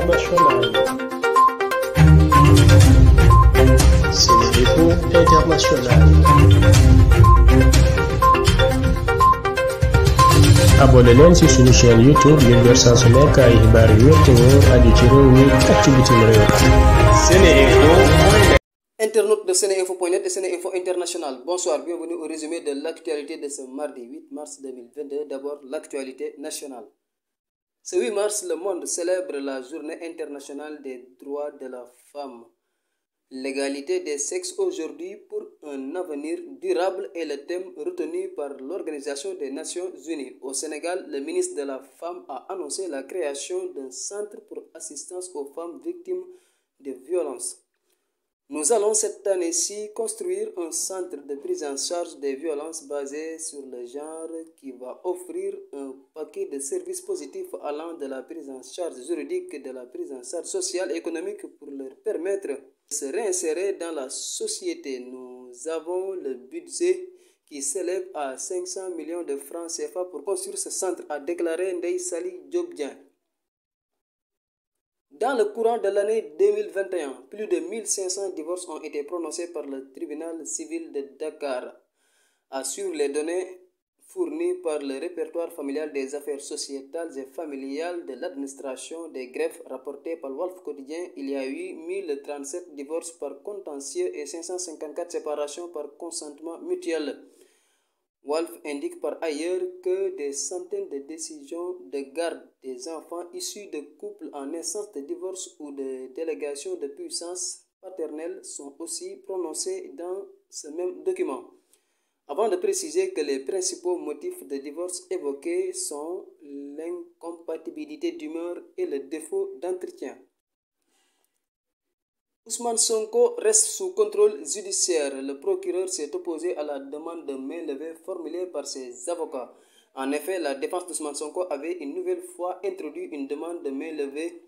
internationale. Sénéinfo International. abonné leen ci suñu chaîne YouTube yi door saa su nekk ay xibaar yu wér te wóor ci réew mi ak ci bitim réew. Sénéinfo. Internautes de Sénéinfo.net et Sénéinfo International, bonsoir, bienvenue au résumé de l'actualité de ce mardi mars D'abord, l'actualité nationale. Ce 8 mars, le monde célèbre la journée internationale des droits de la femme. L'égalité des sexes aujourd'hui pour un avenir durable et le thème retenu par l'Organisation des Nations Unies. Au Sénégal, le ministre de la Femme a annoncé la création d'un centre pour assistance aux femmes victimes de violences. Nous allons cette année-ci construire un centre de prise en charge des violences basées sur le genre qui va offrir un paquet de services positifs allant de la prise en charge juridique, de la prise en charge sociale et économique pour leur permettre de se réinsérer dans la société. Nous avons le budget qui s'élève à 500 millions de francs CFA pour construire ce centre, a déclaré Ndei Sali Diobdian. Dans le courant de l'année 2021, plus de 1500 divorces ont été prononcés par le tribunal civil de Dakar, sur les données fournies par le répertoire familial des affaires sociétales et familiales de l'administration des greffes rapportées par Wolf Quotidien, il y a eu 1037 divorces par contentieux et 554 séparations par consentement mutuel. Wolf indique par ailleurs que des centaines de décisions de garde des enfants issus de couples en naissance de divorce ou de délégation de puissance paternelle sont aussi prononcées dans ce même document. Avant de préciser que les principaux motifs de divorce évoqués sont l'incompatibilité d'humeur et le défaut d'entretien. Ousmane Sonko reste sous contrôle judiciaire. Le procureur s'est opposé à la demande de main-levée formulée par ses avocats. En effet, la défense d'Ousmane Sonko avait une nouvelle fois introduit une demande de main-levée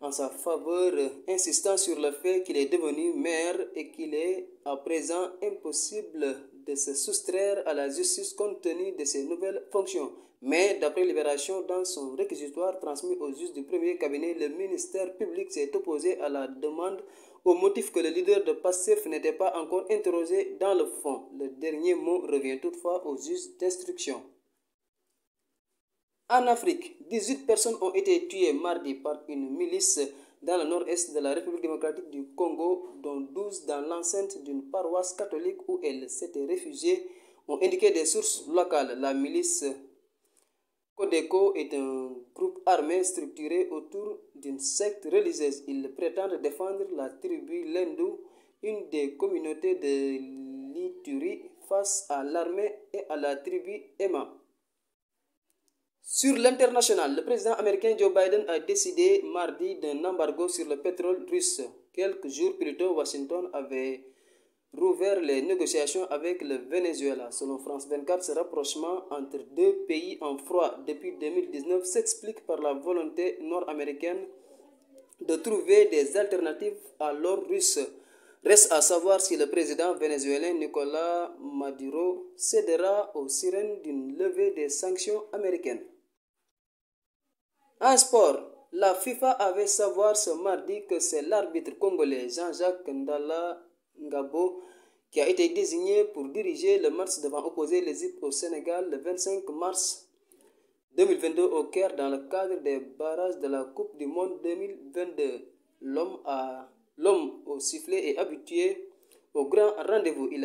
en sa faveur, insistant sur le fait qu'il est devenu maire et qu'il est à présent impossible de se soustraire à la justice compte tenu de ses nouvelles fonctions. Mais d'après Libération, dans son réquisitoire transmis au juge du premier cabinet, le ministère public s'est opposé à la demande au motif que le leader de PASSEF n'était pas encore interrogé dans le fond. Le dernier mot revient toutefois au juge d'instruction. En Afrique, 18 personnes ont été tuées mardi par une milice dans le nord-est de la République démocratique du Congo, dont 12 dans l'enceinte d'une paroisse catholique où elles s'étaient réfugiées, ont indiqué des sources locales. La milice Codeco est un groupe armé structuré autour d'une secte religieuse. Ils prétendent defendre la tribu Lendu, une des communautés de l'Ituri, face à l'armée et à la tribu Emma. Sur l'international, le président américain Joe Biden a décidé mardi d'un embargo sur le pétrole russe. Quelques jours plus tôt, Washington avait rouvert les négociations avec le Venezuela. Selon France 24, ce rapprochement entre deux pays en froid depuis 2019 s'explique par la volonté nord-américaine de trouver des alternatives à l'or russe. Reste à savoir si le président vénézuélien Nicolas Maduro cédera aux sirènes d'une levée des sanctions américaines. En sport, la FIFA avait savoir ce mardi que c'est l'arbitre congolais Jean-Jacques Ndala Ngabo, qui a été désigné pour diriger le match devant opposer l'Égypte au Sénégal le 25 mars 2022 au Caire dans le cadre des barrages de la Coupe du Monde 2022. L'homme au sifflet est habitué au grand rendez Il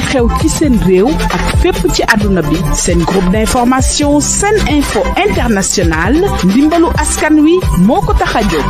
xew ci seen réew ak fépp ci adduna bi seen groupe d'information seen info international ndimbalu askan wi moo ko tax a jóg